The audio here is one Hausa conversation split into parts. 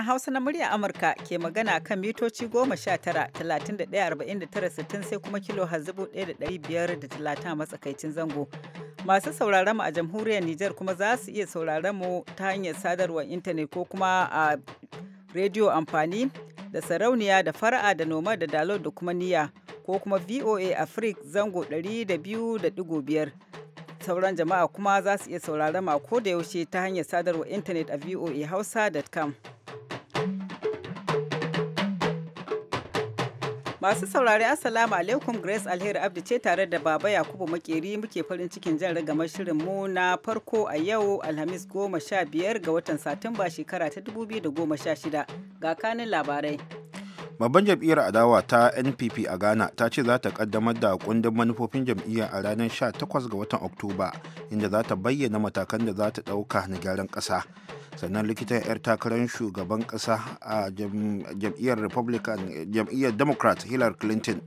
Sashen Hausa na murya Amurka ke magana kan mitoci 19-31-49-60 sai kuma kilo hazibu 1,530 a matsakaicin zango. Masu sauraron mu a jamhuriyar Nijar kuma za su iya sauraron mu ta hanyar sadarwar intanet ko kuma a rediyo amfani da sarauniya da fara'a da noma da dalo da kuma niya ko kuma VOA Africa zango 200.5 sauran jama'a kuma za su iya sauraron ma ko da yaushe ta hanyar sadarwa intanet a voahausa.com. Masu saurari Assalamu alaikum Grace Alheri Abdi ce tare da Baba Yakubu Makeri muke farin cikin jan ragamar shirin mu na farko a yau Alhamis goma sha biyar ga watan Satumba shekara ta dubu biyu da goma sha shida ga kanin labarai. Babban jam'iyyar adawa ta NPP a Ghana ta ce za ta kaddamar da kundin manufofin jam'iyyar a ranar 18 ga watan Oktoba inda za ta bayyana matakan da za ta ɗauka na gyaran ƙasa. sannan likitan 'yar takarar shugaban kasa a jam'iyyar republican jam'iyyar democrat hillary clinton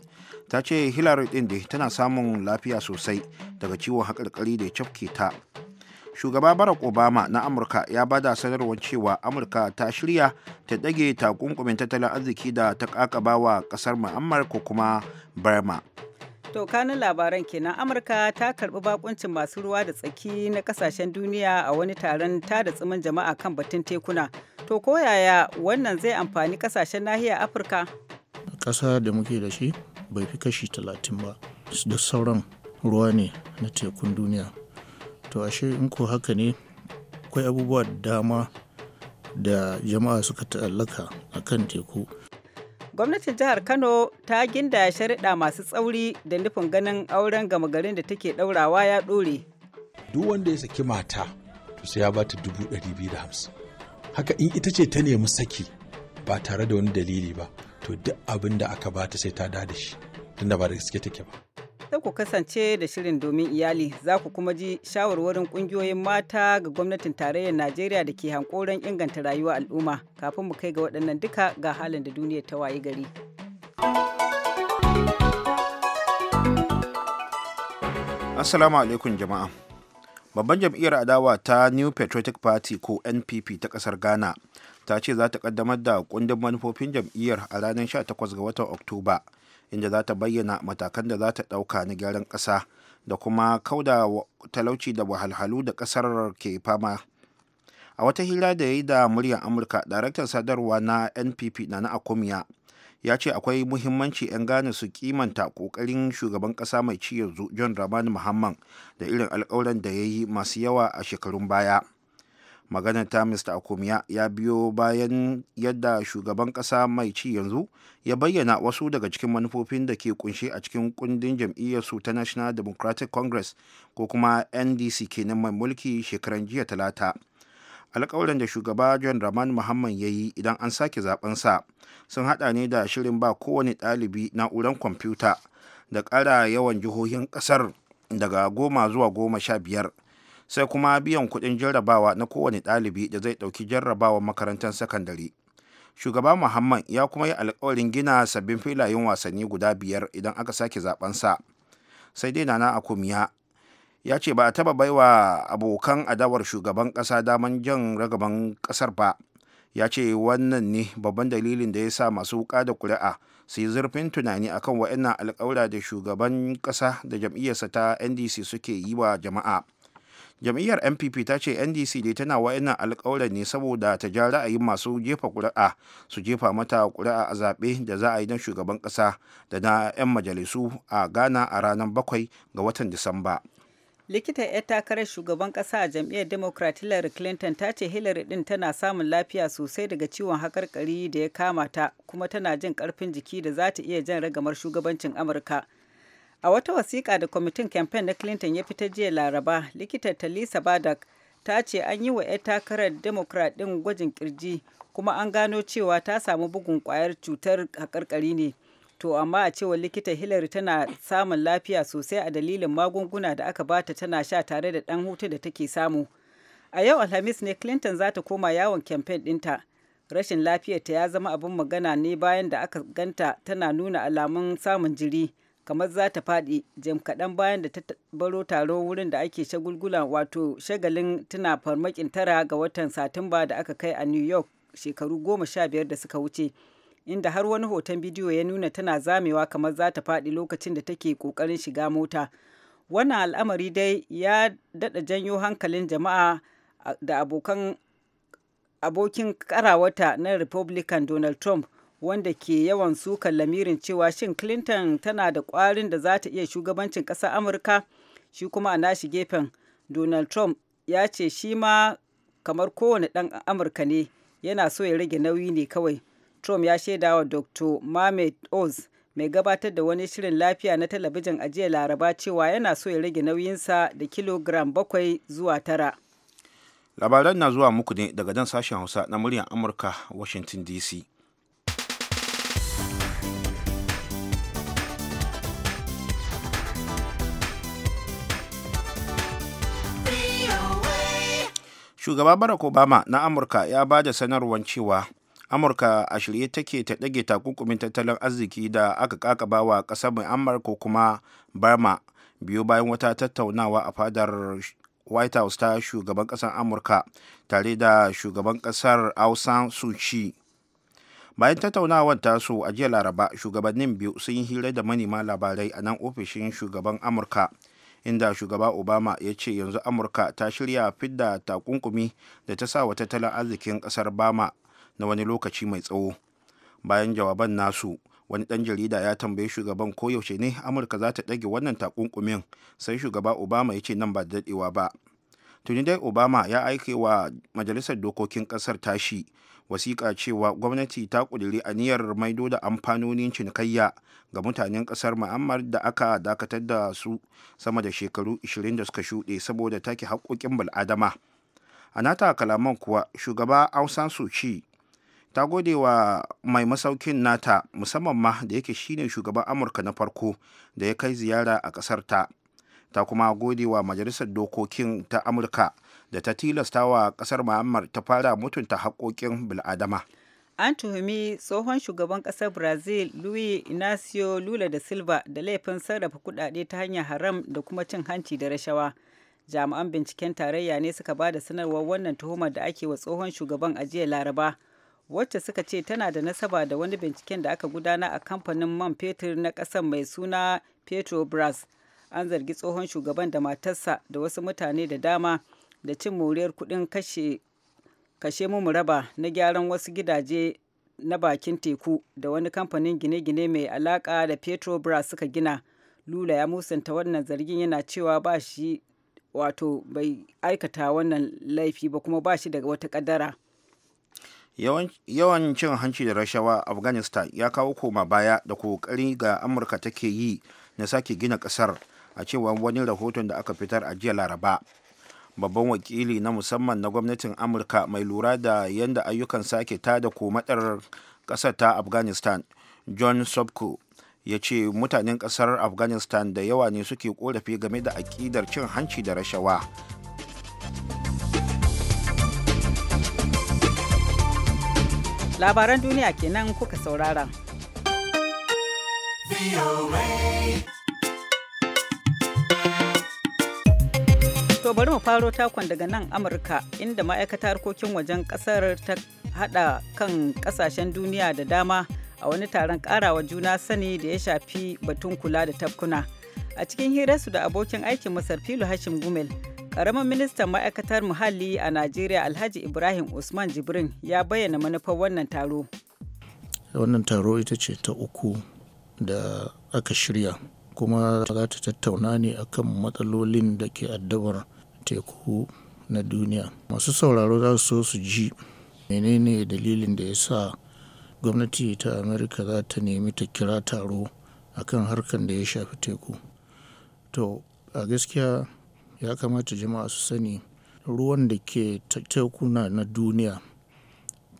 ta ce hillary ɗin da tana samun lafiya sosai daga ciwon haƙarƙari da ya cafke ta shugaba barack obama na amurka ya bada sanarwar cewa amurka ta shirya ta ɗage takunkumin tattalin arziki da ta ƙaƙabawa ƙasar ma'ammar ko kuma burma To kanin labaran kenan Amurka ta karbi bakuncin masu ruwa da tsaki na kasashen duniya a wani taron ta da tsimin jama'a kan batun tekuna. To koyaya wannan zai amfani kasashen nahiyar Afirka? Ƙasa da muke da shi bai fi kashi talatin ba da sauran ruwa ne na tekun duniya. To ashe in ko haka ne akwai abubuwa dama da jama'a suka ta'allaka a kan teku. gwamnatin jihar kano ta ginda shariɗa masu tsauri da nufin ganin auren gama garin da take daurawa ya ɗore duk wanda ya saki mata to sai ya ba ta dubu ɗari biyu da hamsin haka in ita ce ta nemi saki ba tare da wani dalili ba to duk abin da aka ta sai ta da shi tunda ba da gaske take ba sai ku kasance da shirin domin iyali za ku kuma ji shawarwarin kungiyoyin mata ga gwamnatin tarayyar Najeriya da ke hankoron inganta rayuwa al'umma kafin mu kai ga waɗannan duka ga halin da duniya ta wayi gari. Assalamu alaikum jama'a. Babban jam'iyyar adawa ta New Patriotic Party ko NPP ta ƙasar Ghana ta ce za ta kaddamar da kundin manufofin jam'iyyar a ranar 18 ga watan Oktoba. inda za ta bayyana matakan da za ta ɗauka na gyaran ƙasa da kuma kauda talauci da wahalhalu da ƙasar ke fama a wata hira da ya yi da muryar amurka daraktan sadarwa na npp na na akumiya ya ce akwai muhimmanci 'yan gane su kimanta kokarin shugaban ƙasa mai ci yanzu john ramani muhammad da irin alkawuran da ya yi masu yawa a shekarun baya maganar ta mr akumiya ya biyo bayan yadda shugaban kasa mai ci yanzu ya bayyana wasu daga cikin manufofin da ke kunshe a cikin kundin jam'iyyarsu ta national democratic congress ko kuma ndc kenan mai mulki shekaran jiya talata alkawarin da shugaba john raman muhammad ya yi idan an sake zabensa sun hada ne da shirin ba kowane ɗalibi na'urar kwamfuta da ƙara yawan jihohin ƙasar daga goma zuwa goma sha biyar sai kuma biyan kuɗin jarrabawa na kowane ɗalibi da zai ɗauki jarrabawar makarantar sakandare shugaba muhammad ya kuma yi alkawarin gina sabbin filayen wasanni guda biyar idan aka sake zabensa sai dai nana akumiya ya ce ba a taba baiwa abokan adawar shugaban kasa daman jan ragaban kasar ba ya ce wannan ne babban dalilin da ya sa masu wuka da kuri'a su yi zurfin tunani akan wa'ina alkawura da shugaban kasa da jam'iyyarsa ta ndc suke yi wa jama'a jam'iyyar npp ta ce ndc dai tana wa'annan alƙawarin ne saboda ta ja ra'ayin masu jefa ƙuri'a su jefa mata ƙuri'a a zaɓe da za a yi na shugaban ƙasa da na 'yan majalisu a ghana a ranar bakwai ga watan disamba likita 'yar takarar shugaban ƙasa a jam'iyyar democrat hillary clinton ta ce hillary din tana samun lafiya sosai daga ciwon haƙarƙari da ya kama ta kuma tana jin ƙarfin jiki da za ta iya jan ragamar shugabancin amurka A wata wasiƙa da kwamitin kamfen na Clinton ya fita jiya Laraba, likitar Talisa Badak ta ce an yi wa 'yar takarar Democrat ɗin gwajin kirji kuma an gano cewa ta samu bugun kwayar cutar karkari ne. To amma a cewa likita Hillary tana samun lafiya sosai a dalilin magunguna da aka bata tana sha tare da ɗan hutu da take samu. A yau Alhamis ne Clinton za ta koma yawon kamfen ɗinta. Rashin lafiyarta ya zama abin magana ne bayan da aka ganta tana nuna alamun samun jiri. kamar za ta faɗi jim kaɗan bayan da ta baro taro wurin da ake shagulgula wato shagalin tana farmakin tara ga watan satumba da aka kai a new york shekaru goma sha biyar da suka wuce inda har wani hoton bidiyo ya nuna tana zamewa kamar za ta faɗi lokacin da take ƙoƙarin shiga mota wannan al'amari dai ya daɗa janyo hankalin jama'a da abokan abokin karawata na republican donald trump wanda ke yawan sukan lamirin cewa shin clinton tana da kwarin da za ta iya shugabancin ƙasar amurka shi kuma a nashi gefen donald trump ya ce shi ma kamar kowane ɗan amurka ne yana so ya rage nauyi ne kawai trump ya shaida wa dr mohamed oz mai gabatar da wani shirin lafiya na talabijin a jiya laraba cewa yana so ya rage nauyinsa da kilogram bakwai zuwa tara labaran na zuwa muku ne daga jan sashen hausa na muryar amurka washington dc shugaba barack obama na amurka ya ba da sanarwar cewa amurka a shirye take ta ɗage takunkumin tattalin arziki da aka kakaba wa ƙasar mai ko kuma burma biyu bayan wata tattaunawa a fadar white house ta shugaban ƙasar amurka tare da shugaban ƙasar ausan suci bayan tattaunawar taso a jiya laraba shugabannin biyu sun yi hira da manema labarai a nan ofishin shugaban amurka inda shugaba obama ya ce yanzu amurka ta shirya fidda takunkumi da ta sa wa tattalin arzikin kasar bama na wani lokaci mai tsawo bayan jawaban nasu wani dan jarida ya tambaye shugaban koyaushe ne amurka za ta ɗage wannan takunkumin sai shugaba obama ya ce nan ba da daɗewa ba tuni dai obama ya aike wa majalisar dokokin ƙasar tashi wasiƙa cewa gwamnati ta ƙudiri aniyar maido da amfanonin cinikayya ga mutanen ƙasar ma'ammar da aka dakatar da su sama da shekaru 20 da suka shuɗe saboda take haƙoƙin bal'adama a nata kalaman kuwa shugaba ausan suci ta gode wa mai masaukin nata musamman ma da yake shine shugaban amurka na farko da ya kai ziyara a ƙasar ta ta kuma gode wa majalisar dokokin ta amurka da ta tilasta wa kasar Muhammad ta fara mutunta haƙoƙin bil'adama. An tuhumi tsohon shugaban ƙasar Brazil Luis Inacio Lula da Silva da laifin sarrafa kuɗaɗe ta hanyar haram da kuma cin hanci da rashawa. Jami'an binciken tarayya ne suka ba da sanarwar wannan tuhumar da ake wa tsohon shugaban a jiya Laraba. wacce suka ce tana da nasaba da wani binciken da aka gudana a kamfanin man fetur na ƙasar mai suna petrobras an zargi tsohon shugaban da matarsa da wasu mutane da dama da cin moriyar kudin kashe kashe mu raba na gyaran wasu gidaje na bakin teku da wani kamfanin gine-gine mai alaka da petrobras suka gina lula ya musanta wannan zargin yana cewa ba shi wato bai aikata wannan laifi ba kuma ba shi daga wata kadara yawan cin hanci da rashawa afghanistan ya kawo koma baya da kokari ga amurka take yi na sake gina kasar a cewa wani rahoton da aka fitar a jiya laraba babban wakili na musamman na gwamnatin amurka mai lura da yadda ayyukan sake ta tada komatar kasar ta afghanistan john sobko ya ce mutanen ƙasar afghanistan da yawa ne suke korafi game da aƙidar cin hanci da rashawa labaran duniya kenan kuka saurara. To bari mu faro takon daga nan Amurka inda ma'aikatar harkokin wajen kasar ta hada kan kasashen duniya da dama a wani taron karawa juna sani da ya shafi batun kula da tafkuna. A cikin hirarsu da abokin aikin Masar Filu Hashim Gumel, ƙaramin ministan ma'aikatar muhalli a Najeriya Alhaji Ibrahim Usman Jibrin ya bayyana manufar wannan taro. Wannan taro ita ce ta uku da aka shirya kuma za ta tattauna ne akan matsalolin da ke addabar teku na duniya. Masu sauraro za su so su ji menene dalilin da ya sa gwamnati ta Amurka za ta nemi ta kira taro a kan harkar da ya shafi teku. To a gaskiya ya kamata jama'a su sani ruwan da ke tekuna na duniya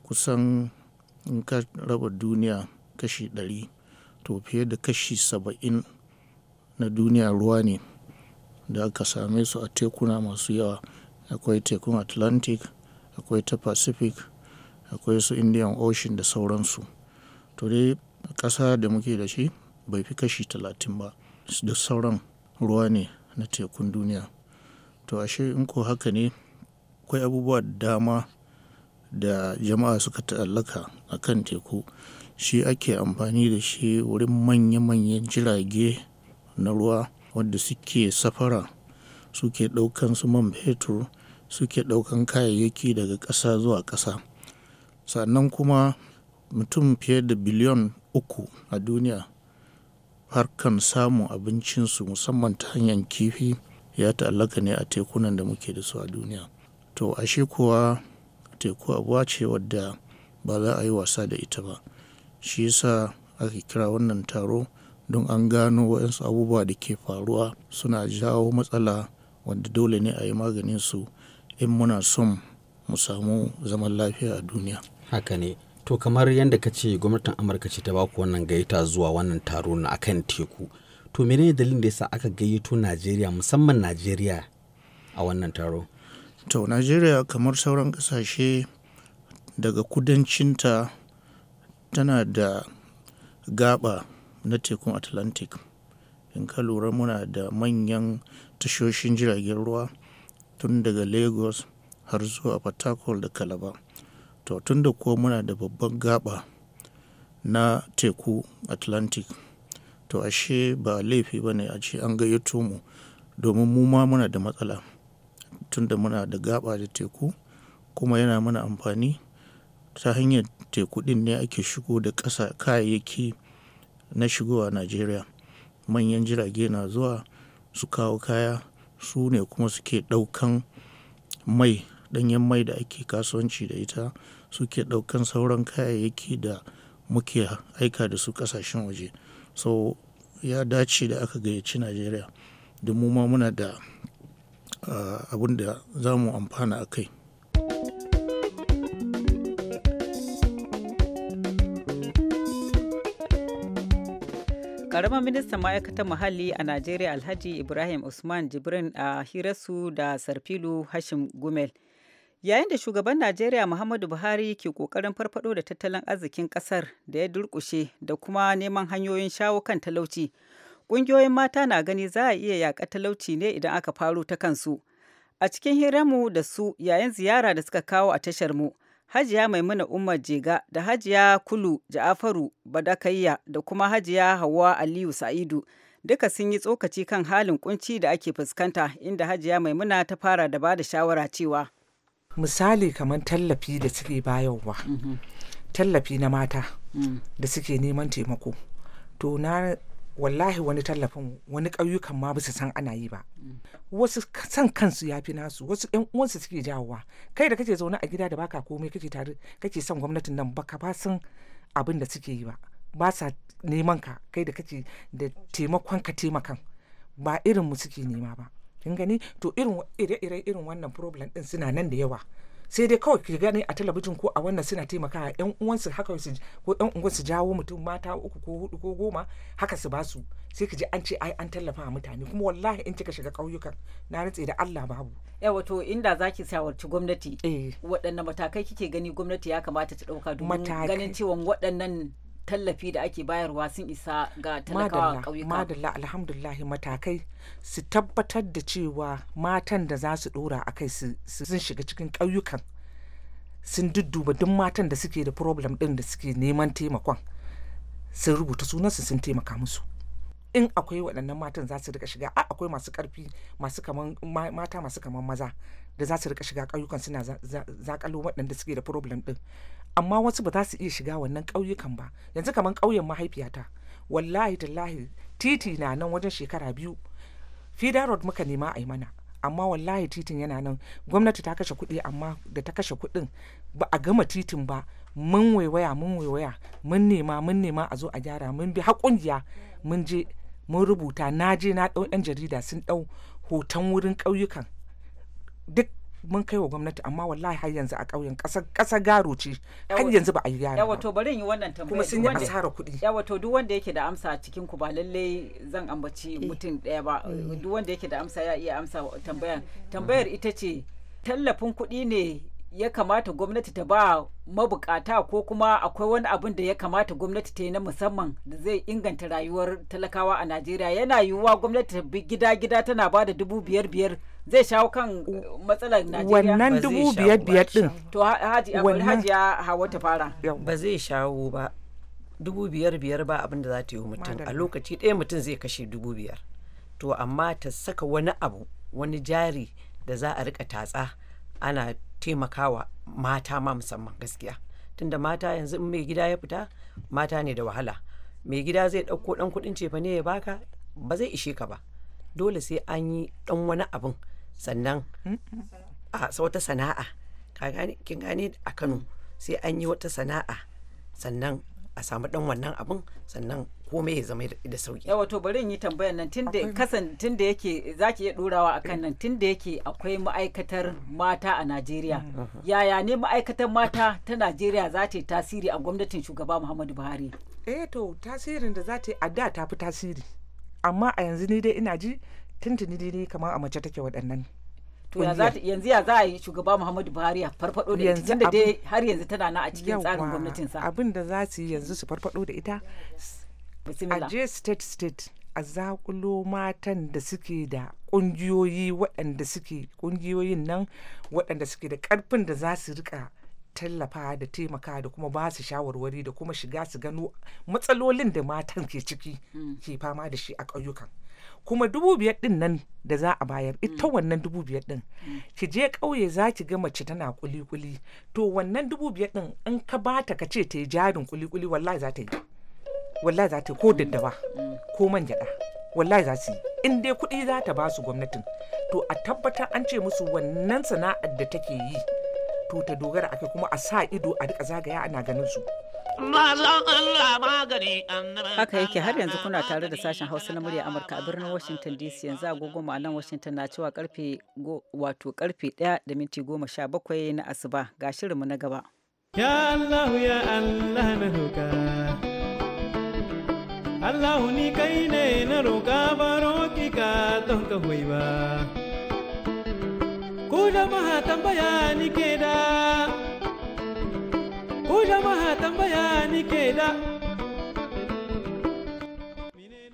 kusan in ka raba duniya kashi ɗari to fiye da kashi saba'in na duniya ruwa ne. da aka same su a tekuna masu yawa akwai tekun atlantic akwai ta pacific akwai su indian ocean da sauransu to dai ƙasa da muke da shi bai fi kashi talatin ba da sauran ruwa ne na tekun duniya to ashe in ko haka ne akwai abubuwa dama da jama'a suka ta'allaka a kan teku shi ake amfani da shi wurin manya-manyan jirage na ruwa wadda suke safara suke ɗaukan su man fetur suke ɗaukan kayayyaki daga ƙasa zuwa ƙasa sannan kuma mutum fiye da biliyon uku a duniya harkan samun abincinsu musamman ta hanyar kifi ya ta'allaka ne a tekunan da muke da su a duniya to ashe kuwa teku abuwa ce wadda ba za a yi wasa da ita ba shi yasa aka kira wannan taro don an gano waɗansu abubuwa da ke faruwa suna jawo matsala wanda dole ne a yi maganin su in muna son mu samu zaman lafiya a duniya. Haka ne. To kamar yadda ka ce gwamnatin Amurka ce ta baku wannan gayyata zuwa wannan taro na akan teku. To menene dalilin da yasa aka gayyato Najeriya musamman Najeriya a wannan taro? To Najeriya kamar sauran ƙasashe daga kudancinta tana da gaba na tekun atlantic in ka lura muna da manyan tashoshin jiragen ruwa tun daga lagos har zuwa port da kalaba to tun da kuwa muna da babban gaba na teku atlantic to ashe ba laifi ba ne a ce an gayyato mu domin mu ma muna da matsala tun da muna da gaba da teku kuma yana mana amfani ta hanyar teku din ne ake shigo da ƙasa kayayyaki na shigowa najeriya manyan jirage na zuwa su kawo kaya su ne kuma suke daukan mai danyen mai da ake kasuwanci da ita suke daukan sauran kayayyaki da muke aika da su kasashen waje so ya dace da aka gayyaci najeriya da mu ma muna da ah, abin da za mu amfana a kai Ƙaramin ministan ma'aikatar muhalli a Najeriya Alhaji Ibrahim Usman Jibrin a hirarsu da Sarfilu Hashim Gumel. Yayin da shugaban Najeriya Muhammadu Buhari ke ƙoƙarin farfado da tattalin arzikin ƙasar da ya durƙushe da kuma neman hanyoyin shawo kan talauci. Ƙungiyoyin mata na gani za a iya yaƙa talauci ne idan aka faro ta kansu. A cikin hiranmu da su yayin ziyara da suka kawo a tashar mu, Hajiya Maimuna Umar Jega da Hajiya Kulu Ja'afaru Badakayya da kuma Hajiya Hauwa Aliyu Sa'idu duka sun yi tsokaci kan halin kunci da ake fuskanta inda Hajiya Maimuna ta fara da bada shawara cewa misali kamar tallafi da suke bayarwa mhm. tallafi na mata mm. da suke neman taimako to na wallahi wani tallafin wani ƙauyukan ma bisa san ana yi ba wasu san kansu ya fi nasu wasu ƴan uwansu suke jawowa kai da kake zaune a gida da baka komai kake tare kake son gwamnatin nan baka ba san abin da suke yi ba ba sa neman ka kai da kake da taimakon ka taimakan ba irin mu suke nema ba kin gani to irin ire iren irin wannan problem din suna nan da yawa sai dai kawai ki gani a talabijin ko a wannan suna taimakawa yan uwansu haka su ko yan uwan jawo mutum mata uku ko hudu ko goma haka su basu sai ki ji an ce ai an tallafa mutane kuma wallahi in kika shiga kauyukan na rantse da Allah babu yawa wato inda zaki shawarci gwamnati eh. waɗannan matakai kike gani gwamnati ya kamata ta ɗauka domin ganin cewa waɗannan tallafi da ake bayarwa sun isa ga talakawa ƙauyuka. Madalla alhamdulillah matakai su tabbatar da cewa matan da za su ɗora a kai sun shiga cikin ƙauyukan sun dudduba duk matan da suke da problem ɗin da suke neman taimakon sun rubuta sunansu sun taimaka musu. in akwai waɗannan matan za su rika shiga a akwai masu ƙarfi masu kaman mata masu kaman maza da za su rika shiga ƙauyukan suna zaƙalo waɗanda suke da problem ɗin amma wasu ba za su iya shiga wannan ƙauyukan ba yanzu kamar ƙauyen mahaifiyata wallahi tallahi titi na nan wajen shekara biyu fida road muka nema a yi mana amma wallahi titin yana nan gwamnati ta kashe kuɗi amma da ta kashe kuɗin ba a gama titin ba mun waiwaya mun waiwaya mun nema mun nema a zo a gyara mun bi har ƙungiya mun je mun rubuta na je na ɗau 'yan jarida sun ɗau hoton wurin ƙauyukan duk mun kai wa gwamnati amma wallahi har yanzu a ƙauyen ƙasa garo ce har yanzu ba a yi gyara yawa to bari in yi wannan tambaya kuma sun yi asara kuɗi yawa to duk wanda yake da amsa a cikin ku ba lalle zan ambaci eh. mutum ɗaya ba eh. duk wanda yake da amsa ya iya amsa tambayar tambayar ita ce tallafin kuɗi ne ya kamata gwamnati ta ba mabukata ko kuma akwai wani abin da ya kamata gwamnati ta yi na musamman da zai inganta rayuwar talakawa a najeriya yana yiwuwa gwamnati ta bi gida-gida tana ba da dubu biyar biyar zai shawo kan uh, matsalar najeriya wannan dubu biyar biyar din to ya hawa ta fara ba zai shawo ba dubu biyar biyar ba abin da za ta yi mutum a lokaci ɗaya mutum zai kashe dubu biyar to amma ta saka wani abu wani jari da za a rika tatsa ana taimakawa mata ma musamman gaskiya tunda mata yanzu mai gida ya fita mata ne da wahala mai gida zai ɗauko ɗan kuɗin cefa ne ya baka ba zai ishe ka ba dole sai an yi ɗan wani abin sannan a wata sana'a kin gane a kano sai an yi wata sana'a sannan a samu ɗan wannan abin sannan komai ya zama da sauki yawa to bari in yi tambayar nan tunda kasan tunda yake zaki iya dorawa akan nan tunda yake akwai ma'aikatar mata a Najeriya mm. yaya ne ma'aikatar mata ta Najeriya za ta yi tasiri a gwamnatin shugaba Muhammadu Buhari eh to tasirin da za ta yi a da ta fi tasiri amma a yanzu ni dai ina ji tuntuni dai kamar a mace take waɗannan to yanzu ya za a yi shugaba muhammadu buhari ya farfado da ita tunda dai har yanzu tana na a cikin tsarin gwamnatinsa abin da za su yi yanzu su farfado da ita a je state state a zakulo matan da suke da kungiyoyi waɗanda suke kungiyoyin nan waɗanda suke da karfin da za su rika tallafa da taimaka da kuma ba su shawarwari da kuma shiga su gano matsalolin da matan ke ciki mm. ke fama da shi a ƙauyukan kuma dubu biyar din nan da za a bayar ita mm. wannan dubu biyar din mm. ki je ƙauye za ki ga mace tana kuli kuli to wannan dubu biyar din in ka bata ka ce ta yi jarin kuli kuli wallahi za ta yi wallahi za ta ko daddawa ko man gyada wallahi za su yi in dai kuɗi za ta ba su gwamnatin to a tabbatar an ce musu wannan sana'ar da take yi to ta dogara akai kuma a sa ido a rika zagaya ana ganin su haka yake har yanzu kuna tare da sashen hausa na murya amurka a birnin washington dc yanzu agogo nan washington na cewa karfe wato karfe 1 da minti 17 na asuba ga shirinmu na gaba ya allah ya allah na hukar. Allah ni kai ne na roƙa baro ki ka don ka ba. Ku jama'a tambaya ni ke da, ku jama'a tambaya ni ke da.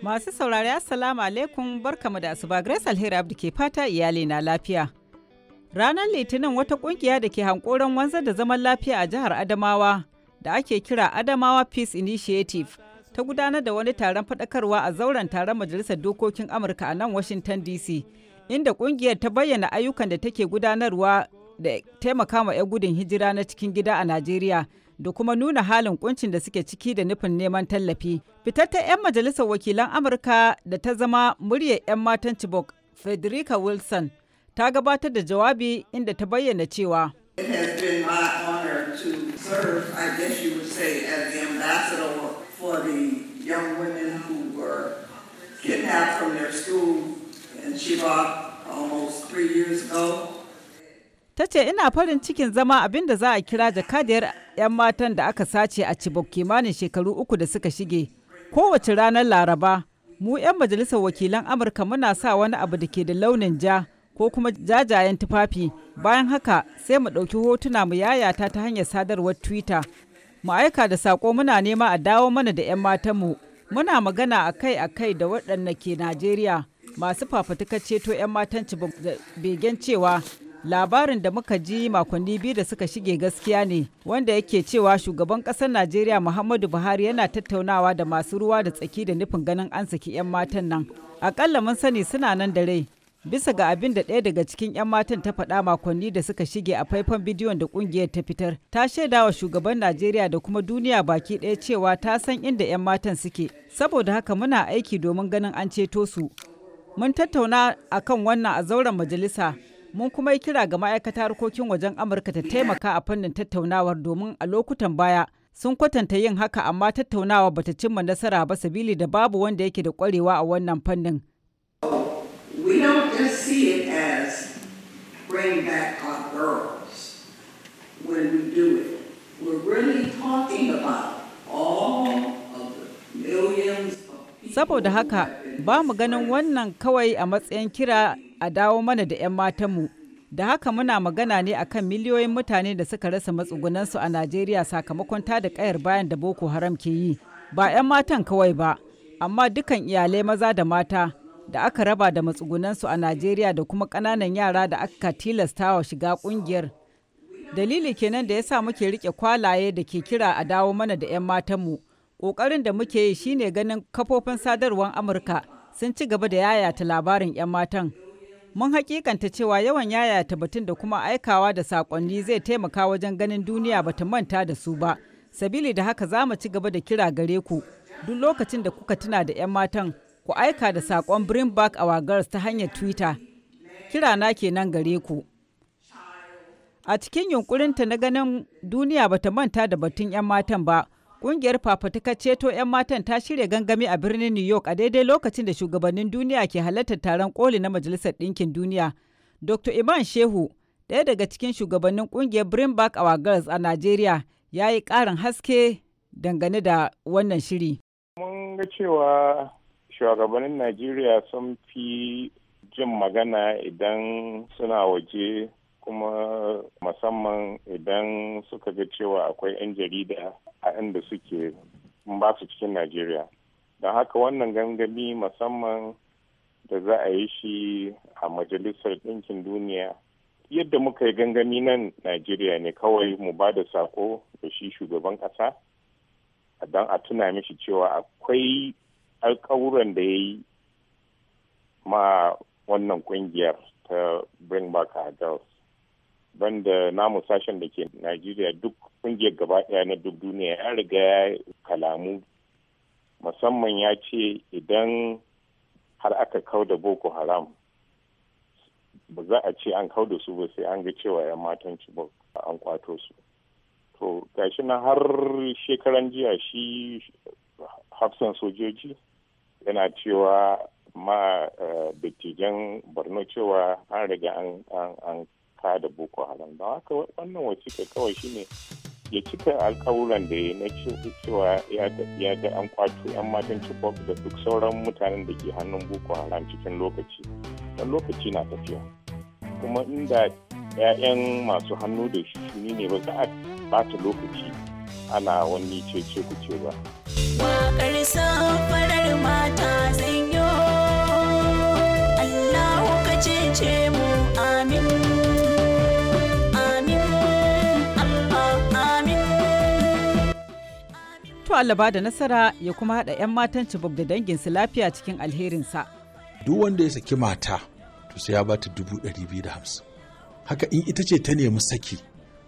Masu saurari Assalamu alaikum barkamu da asuba Grace Alheri Abdi ke fata iyali na lafiya. Ranar Litinin wata ƙungiya da ke hankoron wanzar da zaman lafiya a jihar Adamawa da ake kira Adamawa Peace Initiative. ta gudanar da wani taron faɗakarwa a zauren taron Majalisar Dokokin Amurka a nan Washington DC, inda ƙungiyar ta bayyana ayyukan da take gudanarwa da taimaka ma 'yan gudun hijira na cikin gida a Najeriya da kuma nuna halin kuncin da suke ciki da nufin neman tallafi. Fitattar 'yan majalisar wakilan Amurka da ta zama muryar 'yan matan Chibok, Federica Wilson, ta gabatar da jawabi inda ta bayyana cewa. for the kidnapped from their school in almost three years ago. ta ce ina farin cikin zama abin da za a kira jakadiyar 'yan matan da aka sace a Chibok kimanin shekaru uku da suka shige. Kowace ranar Laraba, mu 'yan majalisar wakilan Amurka muna sa wani abu da ke da launin ja ko kuma jajayen tufafi. Bayan haka sai mu ɗauki hotuna mu yayata ta hanyar sadarwar Twitter. Mu aika da saƙo muna nema a dawo mana da 'yan matanmu Muna magana akai-akai da waɗanda ke Najeriya masu fafatuka ceto 'yan matan begen cewa labarin da muka ji makonni biyu da suka shige gaskiya ne wanda yake cewa shugaban ƙasar Najeriya Muhammadu Buhari yana tattaunawa da masu ruwa da tsaki da nufin ganin an saki 'yan matan nan. Akalla mun sani suna nan da rai bisa ga abin da ɗaya daga cikin 'yan matan ta faɗa makonni da suka shige a faifan bidiyon da ƙungiyar ta fitar ta shaida wa shugaban najeriya da kuma duniya baki ɗaya cewa ta san inda 'yan matan suke saboda haka muna aiki domin ganin an ceto su mun tattauna akan wannan a zauren majalisa mun kuma yi kira ga ma'aikata harkokin wajen amurka ta taimaka a fannin tattaunawar domin a lokutan baya sun kwatanta yin haka amma tattaunawa bata cimma nasara ba sabili da babu wanda yake da kwarewa a wannan fannin we don't just see it as bring back our girls when we do it. We're really talking about all of the millions Saboda haka ba mu ganin wannan kawai a matsayin kira a dawo mana da 'yan mu Da haka muna magana ne a kan miliyoyin mutane da suka rasa matsugunansu a Najeriya sakamakon ta da kayar bayan da Boko Haram ke yi. Ba 'yan matan kawai ba, amma dukan iyalai maza da mata da aka raba da matsugunansu a Najeriya da kuma ƙananan yara da aka tilastawa shiga ƙungiyar. Dalili kenan da ya sa muke rike kwalaye da ke kira a dawo mana da 'yan matanmu. Ƙoƙarin da muke yi shine ganin kafofin sadarwar Amurka sun ci gaba da yayata labarin 'yan matan. Mun hakikanta cewa yawan yayata batun da kuma aikawa da saƙonni zai taimaka wajen ganin duniya bata manta da su ba. Sabili da haka za mu ci gaba da kira gare ku duk lokacin da kuka tuna da 'yan matan ku aika da saƙon bring back our girls ta hanyar twitter kirana nan gare ku a cikin yunkurinta na ganin duniya bata manta da batun 'yan matan ba kungiyar ka ceto 'yan matan ta shirya gangami a birnin new york a daidai lokacin da shugabannin duniya ke halartar taron koli na majalisar ɗinkin duniya dr iman shehu ɗaya daga cikin shugabannin ƙungiyar bring back our girls a nigeria ya yi ƙarin haske dangane da wannan shiri mun ga cewa shugabannin najeriya sun fi jin magana idan suna waje kuma musamman idan suka ga cewa akwai 'yan jarida a inda suke ba su cikin najeriya don haka wannan gangami musamman da za a yi shi a majalisar ɗinkin duniya yadda muka yi gangami nan najeriya ne kawai mu ba da sako da shi shugaban ƙasa don a tuna mishi cewa akwai alkawuran da ya yi ma wannan kungiyar ta bring back our girls banda namu sashen da ke najeriya duk kungiyar gaba daya na duk duniya ya riga ya kalamu musamman ya ce idan har aka kau da boko haram ba za a ce an kau da su ba sai an ga cewa 'yan matan ba an kwato su to gashi na har shekaran jiya shi hafsan sojoji yana cewa ma eh, dattijan borno cewa an riga an ka da boko haram don haka wannan wasiƙa kawai shine ya cika alkawuran da ya na cewa ya ga an kwato 'yan matan chibok da duk sauran mutanen da ke hannun boko haram cikin lokaci don lokaci na tafiya kuma inda 'ya'yan masu hannu da shi ne ba za a bata lokaci ana wani ce ce ku ce ba. safarar mata Allahu Allah Allah ba da nasara ya kuma haɗa 'yan matan cibok da danginsu lafiya cikin alherinsa duk wanda ya saki mata to sai ya bata dubu ɗari biyu da hamsin haka in ita ce ta nemi saki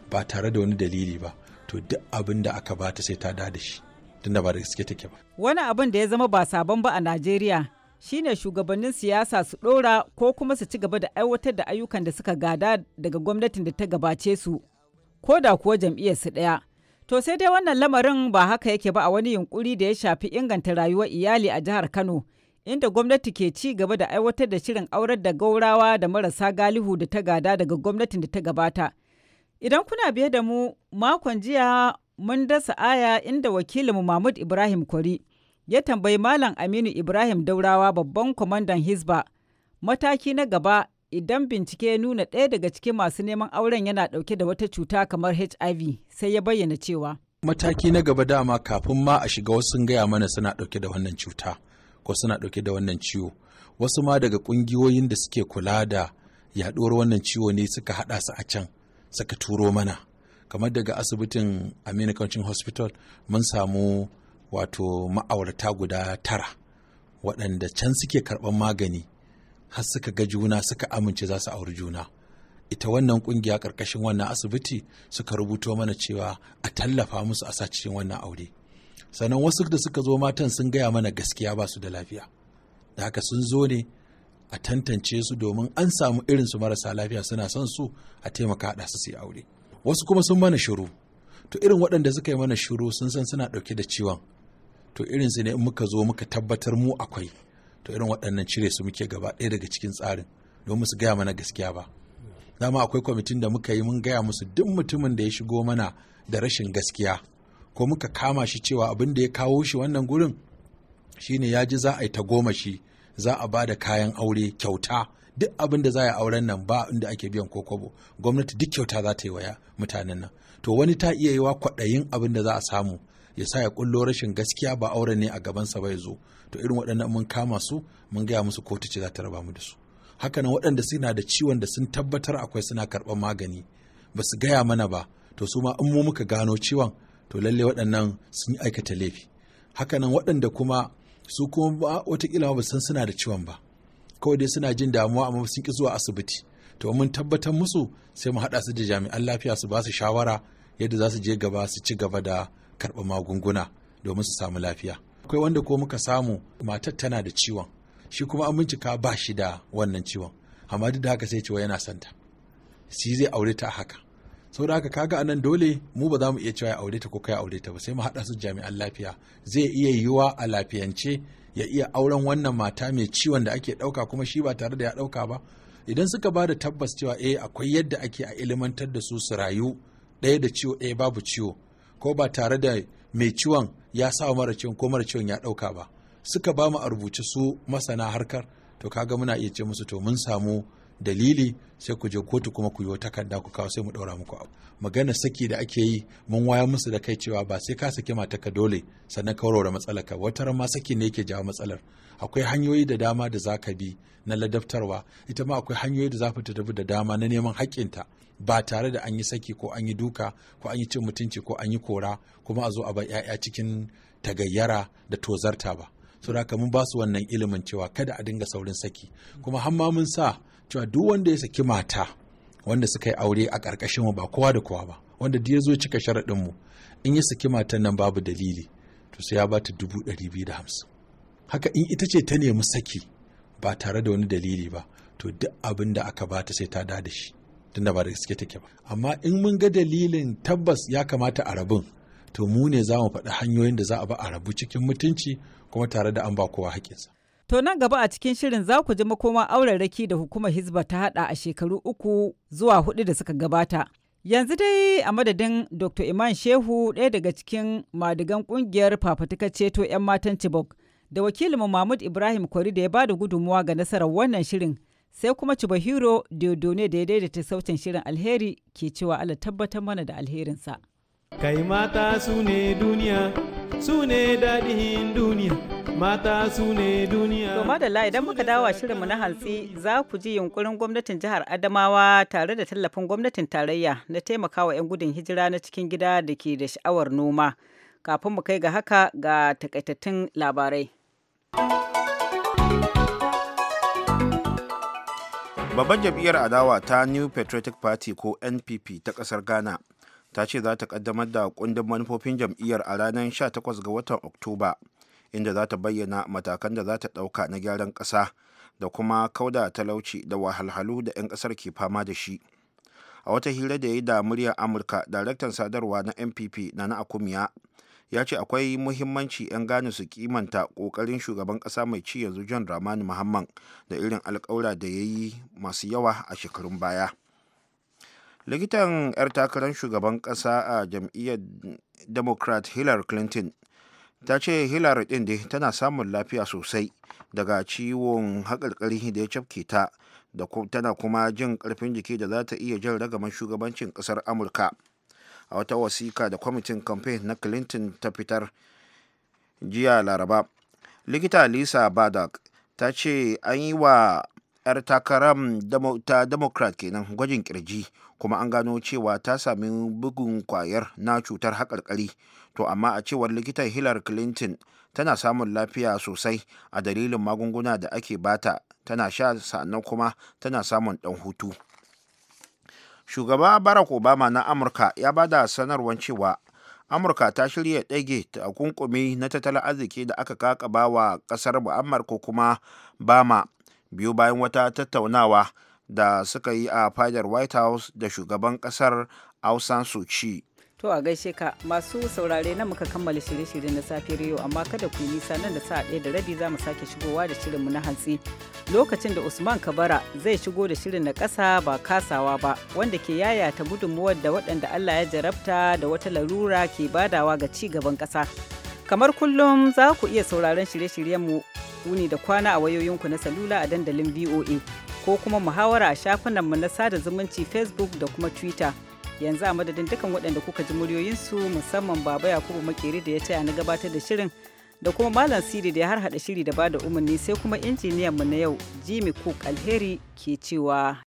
ba tare da wani dalili ba to duk abin da aka bata sai ta da shi tunda ba gaske take ba. Wani abin da ya zama ba sabon ba a Najeriya shine shugabannin siyasa su ɗora ko kuma su ci gaba da aiwatar da ayyukan da suka gada daga gwamnatin da ta gabace su ko da kuwa jam'iyyar su ɗaya. To sai dai wannan lamarin ba haka yake ba a wani yunkuri da ya shafi inganta rayuwar iyali a jihar Kano. inda gwamnati ke ci gaba da aiwatar da shirin aurar da gaurawa da marasa galihu da ta gada daga gwamnatin da ta gabata. Idan kuna biye da mu makon jiya mun dasa aya inda wakilinmu Mahmud Ibrahim Kwari ya tambayi Malam Aminu Ibrahim Daurawa babban kwamandan Hizba mataki na gaba idan bincike ya nuna ɗaya daga cikin masu neman auren yana ɗauke da wata cuta kamar HIV sai ya bayyana cewa. Mataki na gaba dama kafin ma a shiga wasu sun gaya mana suna ɗauke da wannan cuta ko suna ɗauke da wannan ciwo. Wasu ma daga ƙungiyoyin da suke kula da yaɗuwar wannan ciwo ne suka haɗa su a can suka turo mana. kamar daga asibitin aminu kancin hospital mun samu wato ma'aurata guda tara waɗanda can suke karɓar magani har suka ga juna suka amince za su auri juna ita wannan ƙungiya ƙarƙashin wannan asibiti suka rubuto mana cewa a tallafa musu a sa cikin wannan aure sannan wasu da suka zo matan sun gaya mana gaskiya ba su da lafiya da haka sun zo ne a tantance su domin an samu irinsu marasa lafiya suna son su a taimaka haɗa su su yi aure wasu kuma sun mana shiru to irin waɗanda suka yi mana shiru sun san suna ɗauke da ciwon to irin ne in muka zo muka tabbatar mu akwai to irin waɗannan cire su muke gaba ɗaya daga cikin tsarin domin su gaya mana gaskiya ba dama akwai kwamitin da muka yi mun gaya musu duk mutumin da ya shigo mana da rashin gaskiya ko muka kama shi cewa abin da ya kawo shi wannan gurin shine ya ji za a yi ta goma shi za a ba da kayan aure kyauta duk abin da za a auren nan ba inda ake biyan ko kwabo gwamnati duk kyauta za ta yi waya mutanen nan to wani ta iya yiwa kwaɗayin abin da za a samu ya sa ya kullo rashin gaskiya ba auren ne a gabansa ba ya zo to irin waɗannan mun kama su mun gaya musu kotu ce za ta raba mu da su hakanan waɗanda suna da ciwon da sun tabbatar akwai suna karɓar magani ba su gaya mana ba to su ma in mu muka gano ciwon to lalle waɗannan sun aikata laifi hakanan waɗanda kuma su kuma watakila ba san suna da ciwon ba kawai dai suna jin damuwa amma sun ki zuwa asibiti to mun tabbatar musu sai mu haɗa su da jami'an lafiya su ba su shawara yadda za su je gaba su ci gaba da karɓar magunguna domin su samu lafiya akwai wanda ko muka samu matar tana da ciwon shi kuma an bincika ba shi da wannan ciwon amma duk da haka sai cewa yana santa shi zai aure ta haka saboda haka kaga anan dole mu ba za mu iya cewa ya aure ta ko kai aure ta ba sai mu haɗa su jami'an lafiya zai iya yiwuwa a lafiyance ya iya auren wannan mata mai ciwon da ake ɗauka kuma shi ba tare da ya ɗauka ba idan suka ba da tabbas cewa eh akwai yadda ake a ilimantar da su su rayu ɗaya da ciwo ɗaya babu ciwo ko ba tare da mai ciwon ya sa mara ciwon ko mara ciwon ya ɗauka ba suka ba mu a rubuce su masana harkar to kaga muna iya ce musu to mun samu dalili sai ku je kotu kuma ku yi takarda ku kawo sai mu ɗaura muku abu magana saki da ake yi mun waya musu da kai cewa ba sai ka saki ka dole sannan ka warware matsalar ka wata ma saki ne yake jawo matsalar akwai hanyoyi da dama da za ka bi na ladabtarwa ita ma akwai hanyoyi da za ta tafi da dama na neman haƙƙinta ba tare da an yi saki ko an yi duka ko an yi cin mutunci ko an yi kora kuma a zo a bar 'ya'ya cikin tagayyara da tozarta ba. saboda mun ba su wannan ilimin cewa kada a dinga saurin saki kuma hamma mun sa cewa duk wanda ya saki mata wanda suka yi aure a ƙarƙashin mu ba kowa da kowa ba wanda duk ya zo cika sharaɗin mu in ya saki matan nan babu dalili to sai ya ba ta dubu ɗari biyu da hamsin haka in ita ce ta nemi saki ba tare da wani dalili ba to duk abin da aka bata sai ta da da shi tunda ba da gaske take ba amma in mun ga dalilin tabbas ya kamata a rabin to mu ne za mu faɗi hanyoyin da za a ba a rabu cikin mutunci kuma tare da an ba kowa haƙƙinsa To nan gaba a cikin shirin za ku ji makoma auraraki da hukumar Hizba ta hada a shekaru uku zuwa hudu da suka gabata. Yanzu dai a madadin Dr. Iman Shehu ɗaya daga cikin madigan ƙungiyar fafatuka ceto 'yan matan Chibok da wakilinmu Mahmud Ibrahim Kwari da ya bada gudunmuwa ga nasarar wannan shirin sai kuma Chibahiro Diodone da ya daidaita sautin shirin alheri ke cewa Allah tabbatar mana da alherinsa. Kai mata su ne duniya, su ne daɗin duniya. mata su ne duniya. To da idan muka dawo mu na hantsi za ku ji yunkurin gwamnatin jihar Adamawa tare da tallafin gwamnatin tarayya na taimakawa 'yan gudun hijira na cikin gida da ke da sha'awar noma. Kafin mu kai ga haka ga takaitattun labarai. Babban jam'iyyar adawa ta New Patriotic Party ko NPP ta ƙasar Ghana ta ce za ta ƙaddamar da kundin manufofin jam'iyyar a ranar 18 ga watan Oktoba. inda za ta bayyana matakan da za ta ɗauka na gyaran ƙasa da kuma kauda talauci da wahalhalu da 'yan ƙasar ke fama da shi a wata hira da ya yi da muryar amurka daraktan sadarwa na npp na na akumiya ya ce akwai muhimmanci 'yan gane su kimanta kokarin shugaban ƙasa mai ci yanzu john ramani muhammad da irin alkawura da ya yi masu yawa a shekarun baya likitan 'yar takarar shugaban ƙasa a jam'iyyar democrat hillary clinton ta ce hillary ɗin dai tana samun lafiya sosai daga ciwon haƙarƙari da ya cafke ta da tana kuma jin ƙarfin jiki da za ta iya jan ragaman shugabancin ƙasar amurka a wata wasiƙa da kwamitin kamfen na clinton ta fitar jiya laraba likita lisa badak ta ce an yi wa 'yar takaram ta democrat kenan gwajin kirji kuma an gano cewa ta sami bugun kwayar na cutar haƙarƙari to amma a cewar likitan hillar clinton tana samun lafiya sosai a dalilin magunguna da ake bata tana sha sannan kuma tana samun ɗan hutu shugaba barack obama na amurka ya ba da sanarwar cewa amurka ta shirya ɗage takunkumi na tattalin arziki da aka kakaba wa ƙasar mu'ammar ko kuma bama biyu bayan wata tattaunawa da suka yi a fadar white house da shugaban kasar ausan suci to a gaishe ka masu saurare na muka kammala shirye-shiryen na safiyar yau amma kada ku nisa nan da sa'a ɗaya da rabi za mu sake shigowa da shirinmu na hantsi lokacin da usman kabara zai shigo da shirin na ƙasa ba kasawa ba wanda ke yayata gudunmuwar da waɗanda allah ya jarabta da wata larura ke badawa ga ci gaban ƙasa Kamar kullum za ku iya sauraron shirye-shiryenmu wuni da kwana a wayoyinku na salula a dandalin VOA ko kuma muhawara a shafinanmu na sada zumunci Facebook da kuma Twitter. Yanzu a madadin dukan waɗanda kuka ji muryoyinsu musamman Baba Yakubu Makeri da ya taya na gabatar da shirin da kuma Malam Siri da ya harhaɗa shiri da bada umarni sai kuma injiniyanmu na yau Jimmy Cook Alheri ke cewa